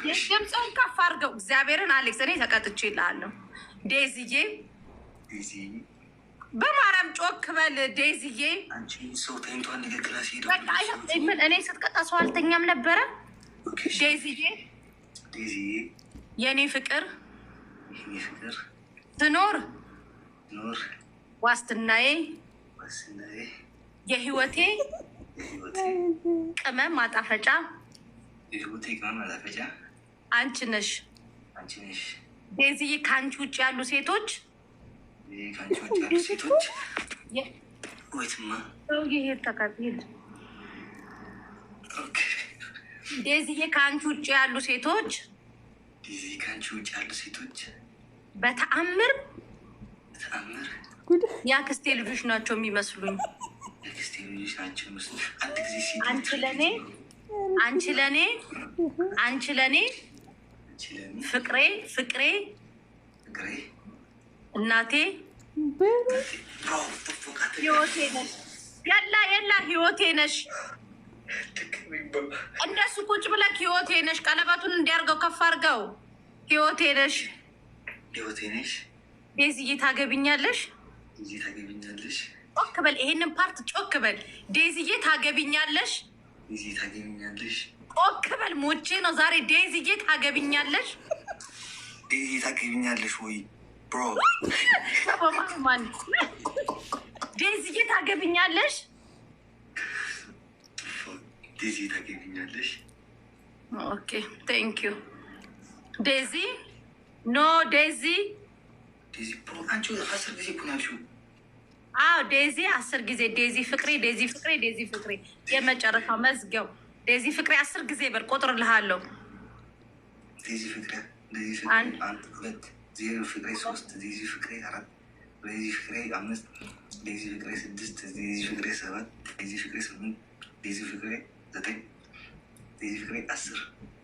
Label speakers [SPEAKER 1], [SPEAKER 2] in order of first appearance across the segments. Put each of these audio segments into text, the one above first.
[SPEAKER 1] ድምፅህን ከፍ አድርገው። እግዚአብሔርን አሌክስ፣ እኔ ተቀጥቼ እልሃለሁ። ዴዝዬ በማርያም ጮክ በል። ዴዝዬ እኔ ስትቀጣ ሰው
[SPEAKER 2] አልተኛም ነበረ። ዴዝዬ የእኔ ፍቅር ትኖር ዋስትናዬ
[SPEAKER 1] የህይወቴ ቅመም ማጣፈጫ
[SPEAKER 2] የጅቡቲ ቅመም ማዛፈጫ አንቺ ነሽ
[SPEAKER 1] አንቺ ነሽ ዴዚዬ። ከአንቺ ውጭ ያሉ ሴቶች
[SPEAKER 2] ከአንቺ ውጭ ያሉ ዴዚዬ ከአንቺ ውጭ ያሉ ሴቶች ዴዚዬ ከአንቺ ውጭ ያሉ ሴቶች በተአምር በተአምር
[SPEAKER 1] የአክስቴ ልጆች
[SPEAKER 2] ናቸው የሚመስሉኝ። የአክስቴ ልጆች ናቸው የሚመስሉኝ።
[SPEAKER 1] አንድ ጊዜ ሴቶች አንቺ ለእኔ አንቺ
[SPEAKER 2] አንችለኔ አንቺ
[SPEAKER 1] ፍቅሬ ፍቅሬ እናቴ ህይወቴ ነሽ የላ የላ ህይወቴ ነሽ። እንደሱ ቁጭ ብለክ ህይወቴ ነሽ። ቀለበቱን እንዲያርገው ከፍ አርገው።
[SPEAKER 2] ህይወቴ ነሽ ህይወቴ
[SPEAKER 1] ነሽ። ዴዝዬ ታገብኛለሽ።
[SPEAKER 2] ታገቢኛለሽ።
[SPEAKER 1] ጮክ በል ይሄንን ፓርት ጮክ በል ዴዝዬ
[SPEAKER 2] ታገብኛለሽ። ዴዚ ታገቢኛለሽ።
[SPEAKER 1] ቆክ በል ሞቼ ነው ዛሬ። ዴዚዬ
[SPEAKER 2] ታገቢኛለሽ፣ ዴዚ ታገቢኛለሽ ወይ
[SPEAKER 1] ብሮ? ማን ዴዚዬ ታገቢኛለሽ፣
[SPEAKER 2] ዴዚ ታገቢኛለሽ።
[SPEAKER 1] ኦኬ ቴንክ ዩ ዴዚ። ኖ
[SPEAKER 2] ዴዚ፣ ዴዚ ብሮ አንቺ አስር
[SPEAKER 1] ጊዜ ቡና አዎ ዴዚ አስር ጊዜ ዴዚ ፍቅሬ፣ ዴዚ ፍቅሬ፣ ዴዚ ፍቅሬ የመጨረሻው መዝጊያው ዴዚ ፍቅሬ አስር ጊዜ በር ቆጥር
[SPEAKER 2] ልሃለሁ። ዴዚ ፍቅሬ፣ ዴዚ ፍቅሬ አንድ ሁለት ዜሮ ፍቅሬ ሶስት ዴዚ ፍቅሬ አራት ዴዚ ፍቅሬ አምስት ዴዚ ፍቅሬ ስድስት ዴዚ ፍቅሬ ሰባት ዴዚ ፍቅሬ ስምንት ዴዚ ፍቅሬ ዘጠኝ ዴዚ ፍቅሬ አስር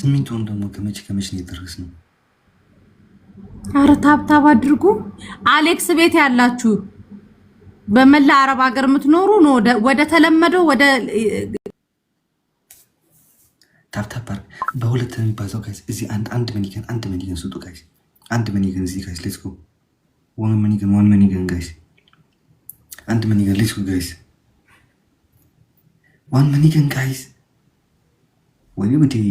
[SPEAKER 2] ሲሚንቶን ደግሞ ከመቼ ከመቼ ነው የደረስነው?
[SPEAKER 1] ኧረ ታብታብ አድርጉ። አሌክስ ቤት ያላችሁ በመላ አረብ ሀገር የምትኖሩ ነው ወደ ተለመደው
[SPEAKER 2] ወደ ታብታብ አድርግ። በሁለት የሚባዛው ጋይስ እዚህ አንድ አንድ መኒገን አንድ መኒገን ስጡ ጋይስ፣ አንድ መኒገን እዚህ ጋይስ፣ ሌትስ ጎ ወን መኒገን ወን መኒገን ጋይስ፣ አንድ መኒገን ሌትስ ጎ ጋይስ፣ ዋን መኒገን ጋይስ ወይም እንዲህ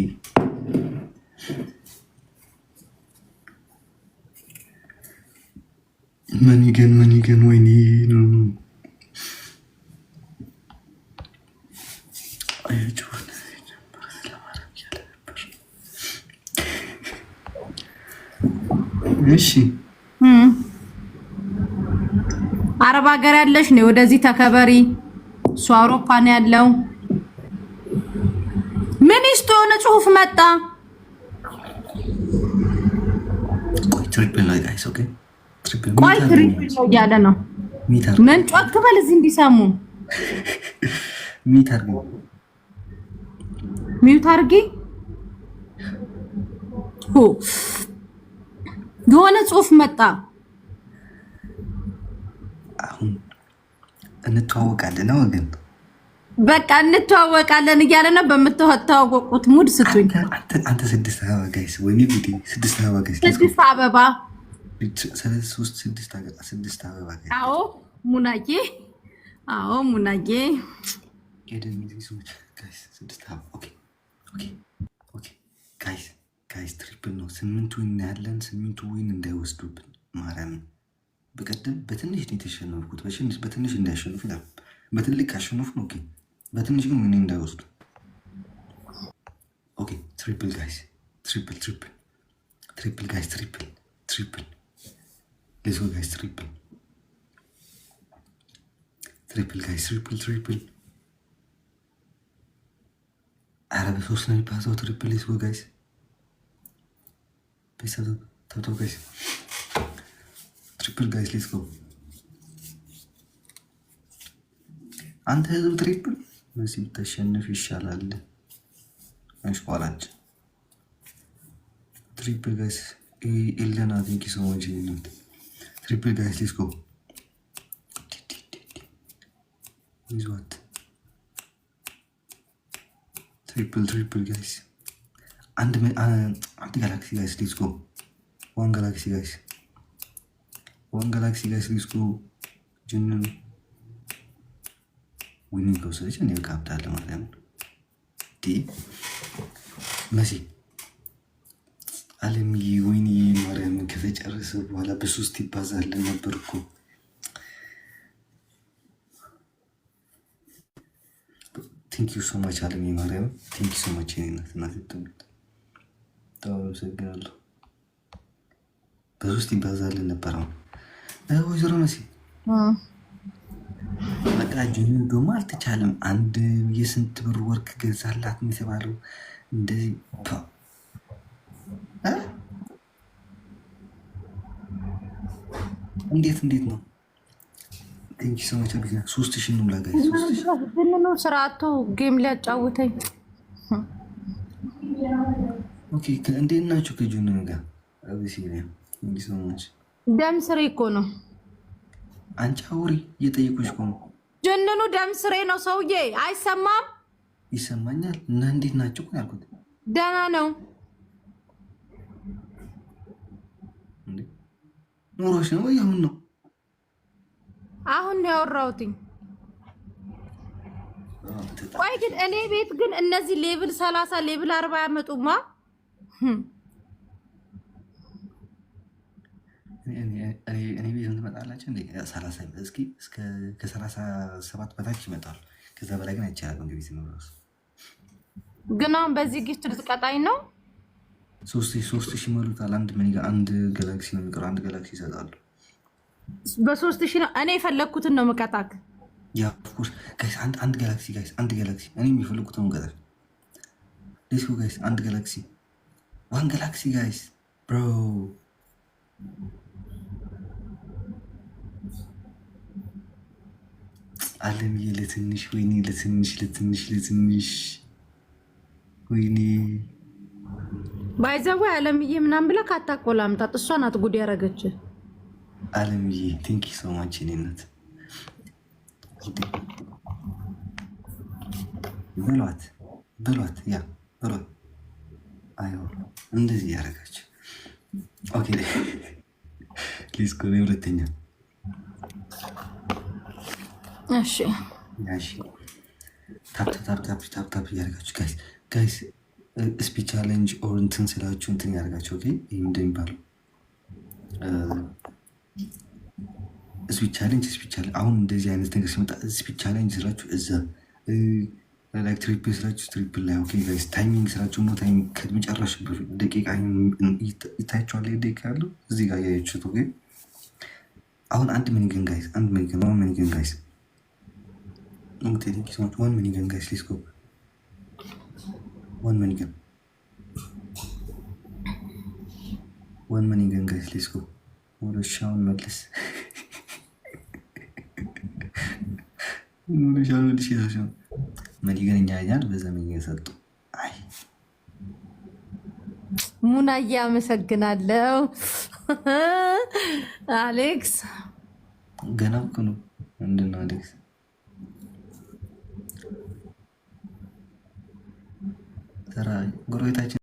[SPEAKER 2] መኒገን መኒገን ወይኔ
[SPEAKER 1] እሺ አረብ ሀገር ያለሽ ነው። ወደዚህ ተከበሪ። እሱ አውሮፓ ነው ያለው። ቴክስት የሆነ ጽሁፍ መጣ። ቆይ ትሪፕል ነው እያለ ነው ምን ጮክ በል እዚህ እንዲሰሙ የሆነ ጽሁፍ መጣ።
[SPEAKER 2] አሁን እንተዋወቃለን ግን
[SPEAKER 1] በቃ እንተዋወቃለን እያለ ነው። በምትተዋወቁት
[SPEAKER 2] ሙድ ስጡኝ። አንተ ስድስት አበባ ጋይስ፣ ወይ
[SPEAKER 1] ስድስት አበባ ጋይስ፣
[SPEAKER 2] ስድስት አበባ
[SPEAKER 1] ስድስት አበባ። አዎ ሙናዬ፣ አዎ ሙናዬ፣
[SPEAKER 2] ጋይስ ትሪፕል ነው። ስምንቱ እናያለን። ስምንቱ ወይን እንዳይወስዱብን ማርያምን። በቀደም በትንሽ ነው የተሸነፍኩት፣ በትንሽ እንዳያሸንፉ በትልቅ አሸነፉ ነው ግን በትንሽ ግን ምን እንዳይወስዱ። ኦኬ ትሪፕል ጋይስ፣ ትሪፕል ትሪፕል ትሪፕል ጋይስ፣ ትሪፕል ትሪፕል ሌስ ጋይስ፣ ትሪፕል ትሪፕል ጋይስ፣ ትሪፕል ትሪፕል። ኧረ በሶስት ነው የሚባዛው። ትሪፕል ሌስ ጋይስ፣ ቤተሰብ ተብተው ጋይስ፣ ትሪፕል ጋይስ ሌስ ጎ አንተ ህዝብ ትሪፕል በዚህ ብታሸንፍ ይሻላል። አሽቋላጭ triple guys illana thank you so much illana triple guys let's go is what triple triple guys and and galaxy guys let's go one galaxy guys one galaxy guys let's go general ዊኒንግ ከወሰደች እኔ ካፕታለ ማለት ነው። ዲ መሲ አለምዬ ወይኔ ማርያምን ከተጨረሰ በኋላ በሶስት ይባዛል ነበር እኮ ቴንክ ዩ ሶማች አለምዬ ማርያምን ቴንክ ዩ ሶማች ናት ናት በጣም አመሰግናለሁ። በሶስት ይባዛል ነበር አሁን ወይዘሮ መሲ በቃ ጆኒ ደግሞ አልተቻለም። አንድ የስንት ብር ወርክ ገዛላት የተባለው እንደዚህ እንዴት እንዴት ነው? ንኪ ሰዎች ጊዜ ሶስት
[SPEAKER 1] ሺ ነው ላጋ ብንኑ ስርአቱ ጌም ሊያጫውተኝ
[SPEAKER 2] እንዴት ናቸው? ከጆኒ ጋር ደም ስሬ እኮ ነው። አንቺ አውሪ
[SPEAKER 1] እየጠየቁሽ እኮ ነው ጅንኑ ደም ስሬ ነው ሰውዬ፣
[SPEAKER 2] አይሰማም? ይሰማኛል። እና እንዴት ናቸው ያልኩት። ደህና ነው ኖሮሽ ነው ወይ? አሁን ነው
[SPEAKER 1] አሁን ነው ያወራሁትኝ። ቆይ ግን እኔ ቤት ግን እነዚህ ሌብል ሰላሳ ሌብል አርባ ያመጡማ
[SPEAKER 2] ትመጣላቸው እንዴ? እስኪ ከሰላሳ ሰባት በታች ይመጣሉ። ከዛ በላይ ግን አይቻላል። እንግዲህ ሲኖር ራሱ
[SPEAKER 1] ግን አሁን በዚህ ጊፍት ልትቀጣኝ ነው።
[SPEAKER 2] ሶስት ሶስት ሺህ ይሞሉታል። አንድ ምን አንድ ገላክሲ ነው የሚቀረው። አንድ ገላክሲ ይሰጣሉ።
[SPEAKER 1] በሶስት ሺ ነው እኔ የፈለግኩትን ነው
[SPEAKER 2] ምቀጣክ። ያ ኦፍኮርስ ጋይስ፣ አንድ አንድ ጋላክሲ ጋይስ፣ አንድ ጋላክሲ እኔ የሚፈልጉትን ነው ምቀጣል። ሌትስ ጎ ጋይስ፣ አንድ ጋላክሲ ዋን ጋላክሲ ጋይስ ብሮ አለምዬ ለትንሽ ወይኔ ለትንሽ ለትንሽ ለትንሽ ወይኔ
[SPEAKER 1] ባይዘዋ አለምዬ ምናምን ብላ ካታቆላምጣት እሷ ናት ጉድ ያረገች።
[SPEAKER 2] አለምዬ ሶ ማች ኔነት ብሏት ብሏት ያ ብሏት አይ እንደዚህ ያረጋች ኦኬ ሌስኮ ሁለተኛ እሺ ታፕታፕ እያደርጋችሁ ጋይስ ጋይስ ስፒች ቻለንጅ ኦር እንትን ስላችሁ እንትን ያደርጋቸው ኦኬ። ይህ እንደሚባለው ስፒ ቻሌንጅ ስፒ ቻሌንጅ አሁን እንደዚህ አይነት ነገር ሲመጣ ስፒ ቻሌንጅ ስላችሁ እዛ ላይክ ትሪፕል ስላችሁ ትሪፕል ላይ ኦኬ ጋይስ። ታይሚንግ ስላችሁ ሞ ታይሚንግ ከመጨረሻ በፊት ደቂቃ ይታያችኋል። ደቂቃ ያለው እዚህ ጋር ያያችሁት ኦኬ። አሁን አንድ ሚኒግን ጋይስ፣ አንድ ሚኒግን፣ አሁን ጋይስ Okay, thank you so much. One minigun, guys. Let's go. One minigun. One minigun, guys. Let's go. What What a a ወደ ሻውን መለስ ሻውን መልስ ይዛቸው መኒገን እኛ ያል በዛ መኒገን ሰጡ።
[SPEAKER 1] ሙናዬ አመሰግናለሁ። አሌክስ
[SPEAKER 2] ገና እኮ ነው ምንድን ነው አሌክስ ተራ ጎረቤታችን